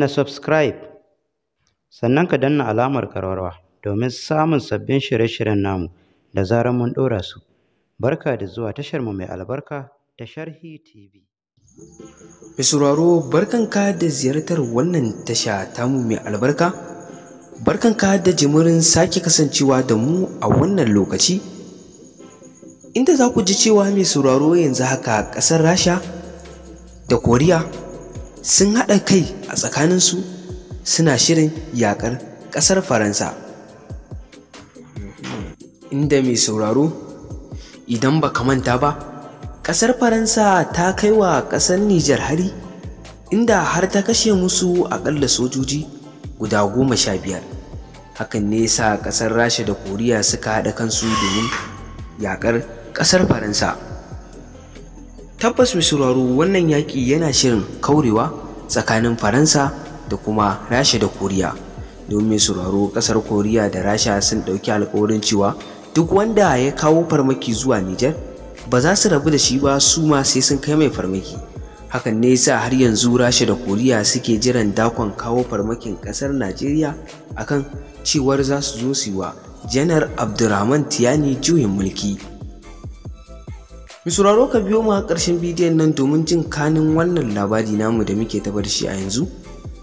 na subscribe sannan ka danna alamar karwarwa domin samun sabbin shirye-shiryen namu da zarar mun ɗora su barka da zuwa tashar mu mai albarka ta sharhi tv mai barkanka da ziyartar wannan tasha mu mai albarka barkanka da jimirin sake kasancewa da mu a wannan lokaci inda za ku ji cewa mai sauraro yanzu haka ƙasar rasha da koriya sun haɗa kai a tsakaninsu suna shirin yakar ƙasar faransa inda mai sauraro idan ba ka manta ba ƙasar faransa ta kai wa ƙasar nijar hari inda har ta kashe musu aƙalla sojoji guda goma sha biyar hakan ne sa ƙasar rasha da koriya suka haɗa kansu domin yaƙar ƙasar faransa tabbas mai sauraro wannan yaƙi yana shirin kaurewa tsakanin faransa da kuma rasha da koriya domin sauraro kasar koriya da rasha sun dauki alkawarin cewa duk wanda ya kawo farmaki zuwa nijar ba za su rabu da shi ba su ma sai sun kai mai farmaki hakan ne yasa har yanzu rasha da koriya suke jiran dakon kawo farmakin kasar najeriya akan cewar za su zo su yi wa janar abdurrahman tiyani juyin mulki Misuraro ka biyo mu a ƙarshen bidiyon nan domin jin kanin wannan labari namu da muke tabar shi a yanzu.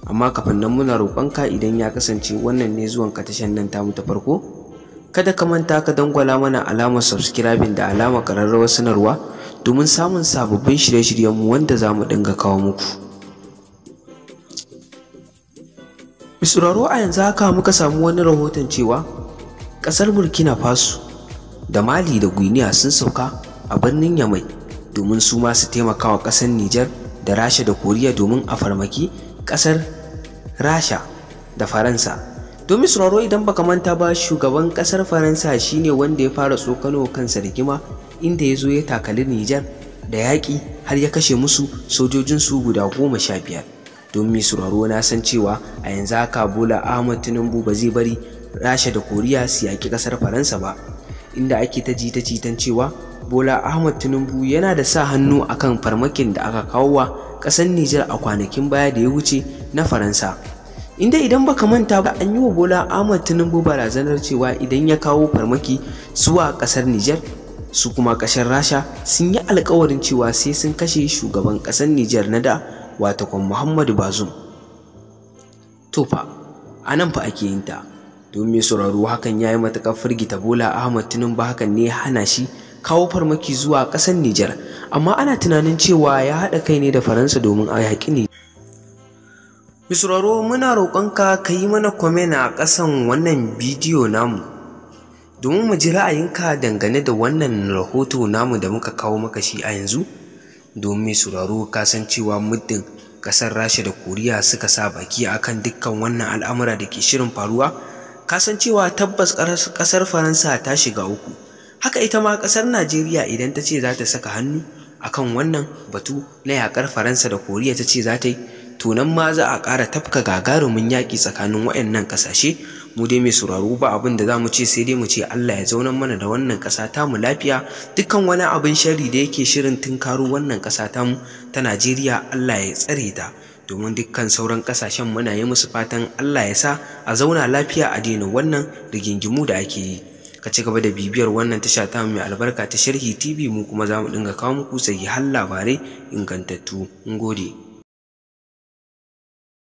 Amma kafin nan muna roƙonka idan ya kasance wannan ne zuwan ka tashan nan tamu ta farko. Kada ka manta ka dangwala mana alamar subscribing da alamar ƙararrawar sanarwa domin samun sababbin shirye-shiryenmu wanda za mu dinga kawo muku. Misuraro a yanzu haka muka samu wani rahoton cewa ƙasar Burkina Faso da Mali da Guinea sun sauka a birnin Yamai domin su ma su taimaka wa ƙasar Nijar da Rasha da Koriya domin a farmaki ƙasar Rasha da Faransa. Domin sauraro idan baka manta ba shugaban ƙasar Faransa shine wanda ya fara tsokano kansa rigima inda ya zo ya takali Nijar da yaƙi har ya kashe musu sojojin su guda goma sha biyar. don mai sauraro na san cewa a yanzu haka Bola Ahmad Tinubu ba zai bari Rasha da Koriya su yaƙi ƙasar Faransa ba. inda ake ta jita-jitan cewa bola ahmad tinubu yana da sa hannu akan farmakin da aka kawo wa ƙasar nijar a kwanakin baya da ya wuce na faransa inda idan baka manta ba an yi wa bola ahmad tinubu barazanar cewa idan ya kawo farmaki zuwa ƙasar nijar su kuma ƙasar rasha sun yi alkawarin cewa sai sun kashe shugaban ƙasar nijar na da watakon muhammadu bazum to fa a nan fa ake yin ta don sauraro hakan ya yi matuƙar firgita bola ahmad ba hakan ne hana shi kawo farmaki zuwa ƙasar nijar amma ana tunanin cewa ya haɗa kai ne da faransa domin a yaƙi ne Misraro muna roƙonka ka yi mana kwamen a ƙasan wannan bidiyo namu domin mu ji ra'ayinka dangane da wannan rahoto namu da muka kawo maka shi a yanzu domin sauraro ka san cewa muddin ƙasar Rasha da Koriya suka sa baki akan dukkan wannan al'amura da ke shirin faruwa san cewa tabbas ƙasar faransa ta shiga uku haka ita ma ƙasar najeriya idan ta ce za ta saka hannu akan wannan batu na yaƙar faransa da koriya ta ce za ta yi to nan ma za a ƙara tafka gagarumin yaƙi tsakanin waɗannan ƙasashe mu dai mai sauraro ba abin da za mu ce sai dai mu ce Allah ya zaunar mana da wannan ƙasa tamu lafiya dukkan wani abin sharri da yake shirin tunkaro wannan ƙasa tamu ta Najeriya Allah ya tsare ta domin dukkan sauran ƙasashen muna yi musu fatan Allah ya sa a zauna lafiya a daina wannan rigingimu da ake yi ka ci gaba da bibiyar wannan tasha ta mai albarka ta sharhi tv mu kuma za mu dinga kawo muku sahihan labarai ingantattu ngode gode